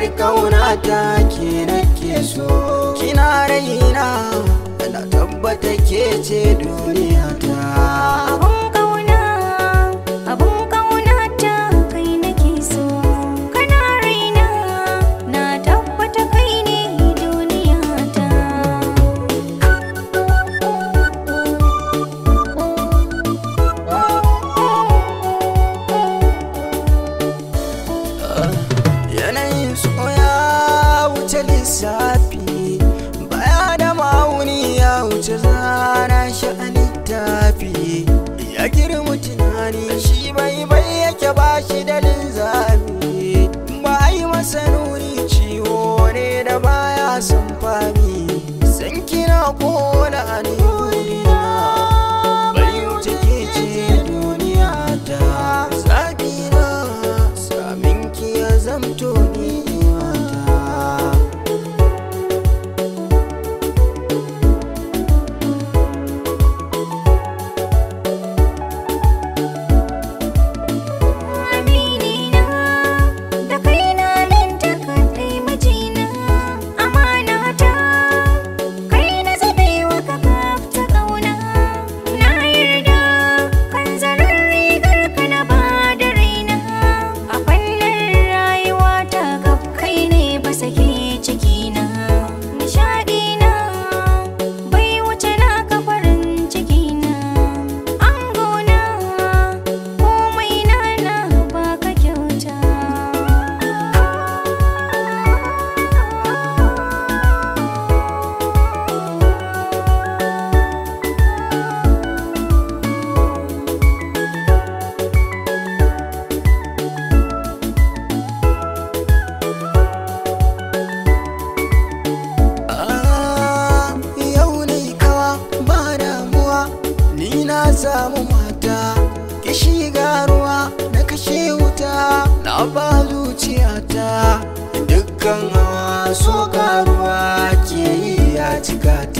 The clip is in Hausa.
har kauna ta ke nake so Kina raina na tabbata ke ce duniya ta lissafi baya da ma'auni ya wuce zara shi a littafi ya girma tunani shi bai bai yake ba shi da linzami ba a yi masa nuni ciwo ne da baya sun fami san kina ko la'ani got